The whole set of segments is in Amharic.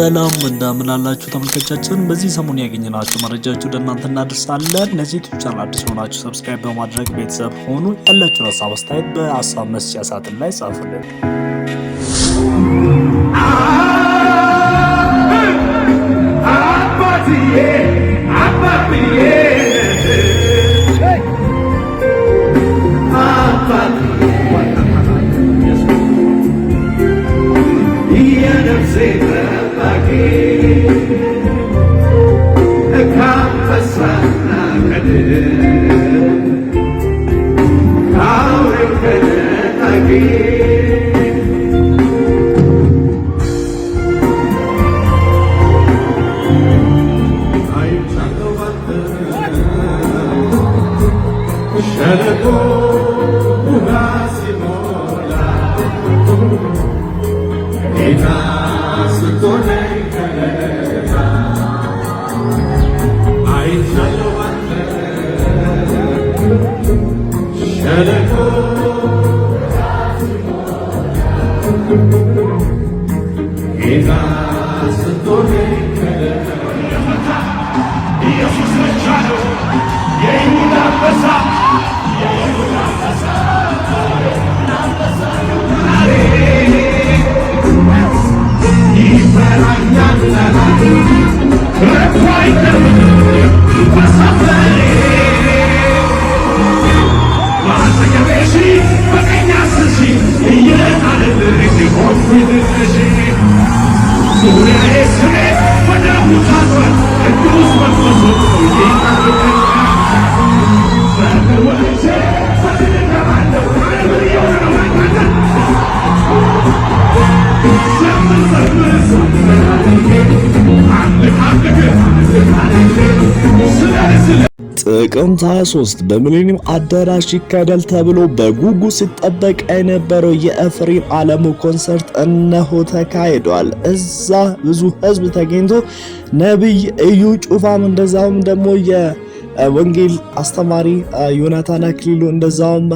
ሰላም እንደምን አላችሁ ተመልካቾቻችን። በዚህ ሰሞን ያገኘናችሁ መረጃዎች ወደ እናንተ እናደርሳለን። ለዚህ ዩቲዩብ ቻናል አዲስ ሆናችሁ ሰብስክራይብ በማድረግ ቤተሰብ ሆኑ። ያላችሁን ሀሳብ አስተያየት በሀሳብ መስጫ ሳጥን ላይ ጻፉልን። አባትዬ አባትዬ e Yeah. ጥቅምት 23 በሚሊኒየም አዳራሽ ይካሄዳል ተብሎ በጉጉ ሲጠበቅ የነበረው የኤፍሬም አለሙ ኮንሰርት እነሆ ተካሂዷል። እዛ ብዙ ህዝብ ተገኝቶ ነቢይ እዩ ጩፋም እንደዛውም ደግሞ የ ወንጌል አስተማሪ ዮናታን አክሊሉ እንደዛውም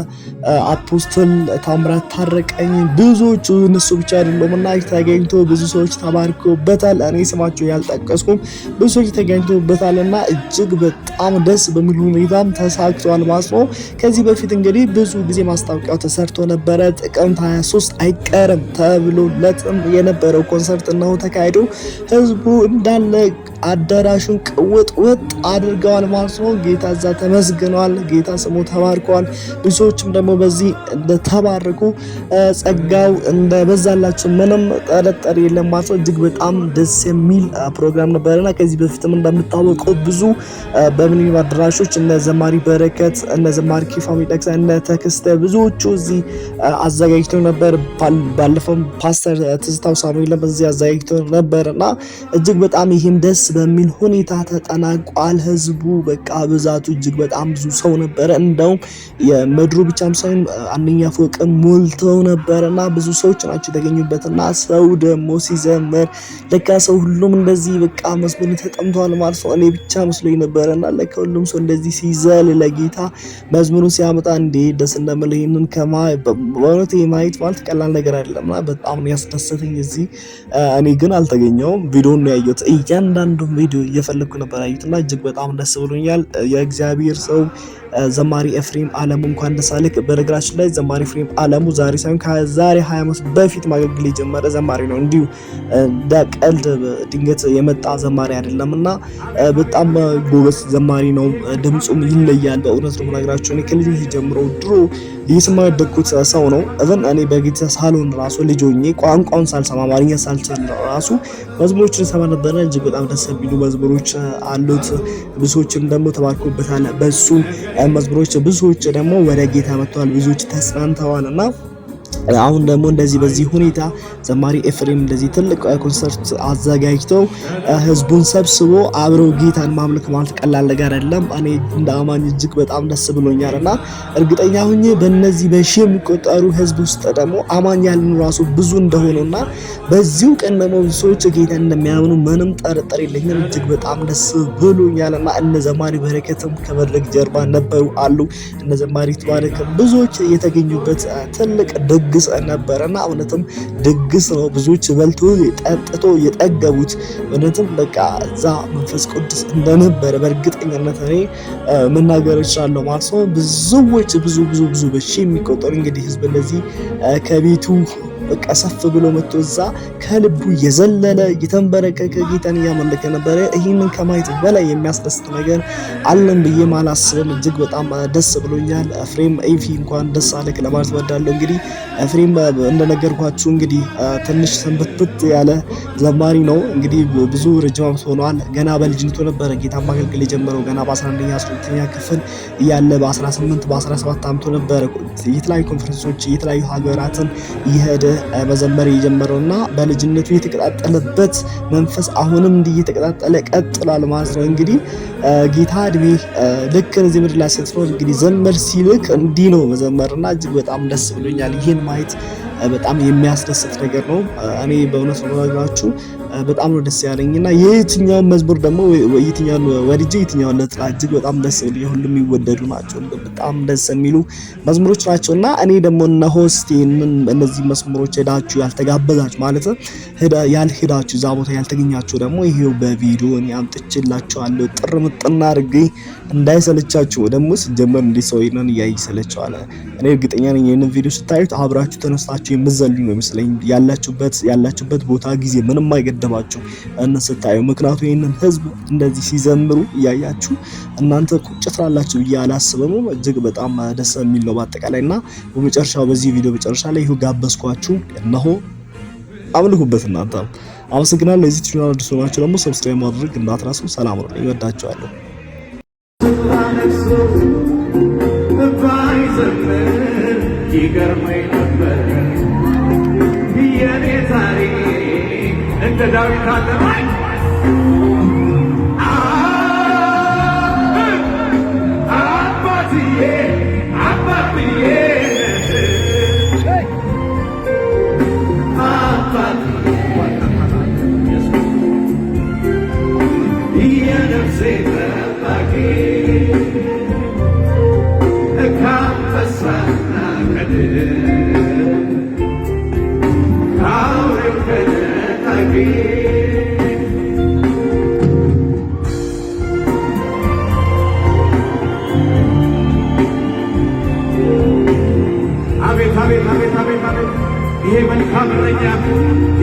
አፖስትል ታምራት ታረቀኝ ብዙዎቹ እነሱ ብቻ አይደሉም እና ተገኝቶ ብዙ ሰዎች ተባርኮበታል። እኔ ስማቸው ያልጠቀስኩም ብዙ ሰዎች ተገኝቶበታል እና እጅግ በጣም ደስ በሚል ሁኔታም ተሳክቷል ማለት ነው። ከዚህ በፊት እንግዲህ ብዙ ጊዜ ማስታወቂያው ተሰርቶ ነበረ። ጥቅምት 23 አይቀርም ተብሎለትም የነበረው ኮንሰርት ነው ተካሂዶ ህዝቡ እንዳለ አዳራሹን ቅውጥ ወጥ አድርገዋል ማለት ነው። ጌታ እዛ ተመስግኗል። ጌታ ስሙ ተባርከዋል። ብዙዎችም ደግሞ በዚህ እንደተባረኩ ጸጋው እንደበዛላችሁ ምንም ጠረጠር የለም ማለት ነው። እጅግ በጣም ደስ የሚል ፕሮግራም ነበረና ከዚህ በፊትም እንደምታወቀው ብዙ በምንሊም አዳራሾች እነ ዘማሪ በረከት እነ ዘማሪ ኪፋ ሚጠቅሳ እነ ተክስተ ብዙዎቹ እዚህ አዘጋጅተው ነበር። ባለፈው ፓስተር ትዝታው ሳሙኤል በዚህ አዘጋጅተው ነበር እና እጅግ በጣም ይህም ደስ በሚል ሁኔታ ተጠናቋል። ህዝቡ በቃ ብዛቱ እጅግ በጣም ብዙ ሰው ነበረ። እንደውም የምድሩ ብቻም ሳይሆን አንደኛ ፎቅም ሞልተው ነበር እና ብዙ ሰዎች ናቸው የተገኙበት እና ሰው ደግሞ ሲዘምር ለካ ሰው ሁሉም እንደዚህ በቃ መስመር ተጠምቷል ማለት ሰው እኔ ብቻ መስሎኝ ነበረ እና ለካ ሁሉም ሰው እንደዚህ ሲዘል ለጌታ መዝሙሩ ሲያመጣ እንዴ ደስ እንደምል ይህንን ከማ በእውነት ማየት ማለት ቀላል ነገር አይደለም እና በጣም ያስደሰተኝ እዚህ እኔ ግን አልተገኘውም። ቪዲዮ ነው ያየሁት። እያንዳንዱ ቪዲዮ እየፈለግኩ ነበር ያዩት እና እጅግ በጣም ደስ ብሎኛል። የእግዚአብሔር ሰው ዘማሪ ኤፍሬም አለሙ እንኳን ደስ አለህ። በነገራችን ላይ ዘማሪ ኤፍሬም አለሙ ዛሬ ሳይሆን ከዛሬ 20 ዓመት በፊት ማገልገል የጀመረ ዘማሪ ነው። እንዲሁ ቀልድ ድንገት የመጣ ዘማሪ አይደለም እና በጣም ጎበዝ ዘማሪ ነው። ድምፁም ይለያል። በእውነት ነው ነገራችሁ። ከልጅ ጀምሮ ድሮ ይስማ ያደግኩት ሰው ነው። እዘን እኔ በጊዜ ሳሎን ራሱ ልጅ ሆኜ ቋንቋውን ሳልሰማ አማርኛ ሳልችል ራሱ መዝሙሮችን ሰማ ነበረ። እጅግ በጣም ደስ የሚሉ መዝሙሮች አሉት። ብሶችም ደግሞ ተባርኮበታል በሱ መዝሙሮች ብዙዎች ደግሞ ወደ ጌታ መጥተዋል፣ ብዙዎች ተጽናንተዋል እና አሁን ደግሞ እንደዚህ በዚህ ሁኔታ ዘማሪ ኤፍሬም እንደዚህ ትልቅ ኮንሰርት አዘጋጅተው ህዝቡን ሰብስቦ አብረው ጌታን ማምለክ ማለት ቀላል ነገር አይደለም። እኔ እንደ አማኝ እጅግ በጣም ደስ ብሎኛል እና እርግጠኛ ሁኜ በእነዚህ በሺህ የሚቆጠሩ ህዝብ ውስጥ ደግሞ አማኝ ያልኑ ራሱ ብዙ እንደሆኑ እንደሆኑና በዚሁ ቀን ደግሞ ሰዎች ጌታን እንደሚያምኑ ምንም ጠርጠር የለኝም። እጅግ በጣም ደስ ብሎኛል እና እነ ዘማሪ በረከትም ከመድረክ ጀርባ ነበሩ አሉ እነ ዘማሪ ተባረክም ብዙዎች የተገኙበት ትልቅ ድግ ድግስ ነበረና እውነትም ድግስ ነው። ብዙዎች በልቶ ጠጥቶ የጠገቡት እውነትም በቃ እዛ መንፈስ ቅዱስ እንደነበረ በእርግጠኛነት እኔ መናገር እችላለሁ ማለት ነው። ብዙዎች ብዙ ብዙ ብዙ በሺ የሚቆጠሩ እንግዲህ ህዝብ እንደዚህ ከቤቱ በቃ ሰፍ ብሎ መጥቶ እዛ ከልቡ የዘለለ የተንበረከከ ጌታን እያመለከ ነበረ። ይህንን ከማየት በላይ የሚያስደስት ነገር አለን ብዬ ማላስብም እጅግ በጣም ደስ ብሎኛል። ፍሬም ኤፊ እንኳን ደስ አለክ ለማለት ወዳለሁ። እንግዲህ ፍሬም እንደነገርኳችሁ እንግዲህ ትንሽ ሰንበትብት ያለ ዘማሪ ነው። እንግዲህ ብዙ ረጅም ዓመት ሆኗል። ገና በልጅነቱ ነበረ ጌታ ማገልገል የጀመረው ገና በ11ኛ 12ኛ ክፍል እያለ በ18 በ17 ዓመቱ ነበረ የተለያዩ ኮንፈረንሶች የተለያዩ ሀገራትን እየሄደ መዘመር የጀመረውና በልጅነቱ የተቀጣጠለበት መንፈስ አሁንም እንዲህ እየተቀጣጠለ ቀጥሏል ማለት ነው። እንግዲህ ጌታ እድሜ ልክ እዚህ ምድር ላይ ስትኖር እንግዲህ ዘመር ሲልክ እንዲህ ነው መዘመርና እጅግ በጣም ደስ ብሎኛል። ይህን ማየት በጣም የሚያስደስት ነገር ነው። እኔ በእውነት ነው በጣም ነው ደስ ያለኝ እና የየትኛውን መዝሙር ደግሞ የትኛውን ወድጄ የትኛውን ነጥላ እጅግ በጣም ደስ የሚሉ የሁሉም የሚወደዱ ናቸው። በጣም ደስ የሚሉ መዝሙሮች ናቸው እና እኔ ደግሞ እነ ሆስቴን እነዚህ መዝሙሮች ሄዳችሁ ያልተጋበዛችሁ ማለት ያልሄዳችሁ እዛ ቦታ ያልተገኛችሁ ደግሞ ይሄው በቪዲዮ እኔ አምጥቼላችኋለሁ። ጥር ምጥና አድርጌ እንዳይሰለቻችሁ ደግሞ ስጀመር እንዲህ ሰው ይህንን እያይ ይሰለችዋል። እኔ እርግጠኛ ነኝ ይህንን ቪዲዮ ስታዩት አብራችሁ ተነስታችሁ የምዘሉ ነው ይመስለኝ። ያላችሁበት ያላችሁበት ቦታ ጊዜ ምንም አይገድ እየደበደባችሁ እንስታዩ። ምክንያቱም ይህንን ህዝብ እንደዚህ ሲዘምሩ እያያችሁ እናንተ ቁጭት ላላችሁ ብዬ አላስብም። እጅግ በጣም ደስ የሚል ነው በአጠቃላይ እና በመጨረሻ በዚህ ቪዲዮ መጨረሻ ላይ ይሁ ጋበዝኳችሁ። እነሆ አምልኩበት እናንተ አመሰግናለሁ። ለዚህ ቻናል አዲስ ሆናችሁ ደግሞ ሰብስክራይብ ማድረግ እንዳትረሱ። ሰላም ነው። ይወዳችኋለሁ። ይገርመኝ ነበር። If the dog is on the light, ah, ah, Amin, amin, amin. Ihe menikam reja,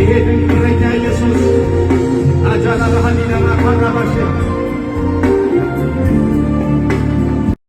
ihe dunia reja Yesus. Ajalah halina makan rabasya.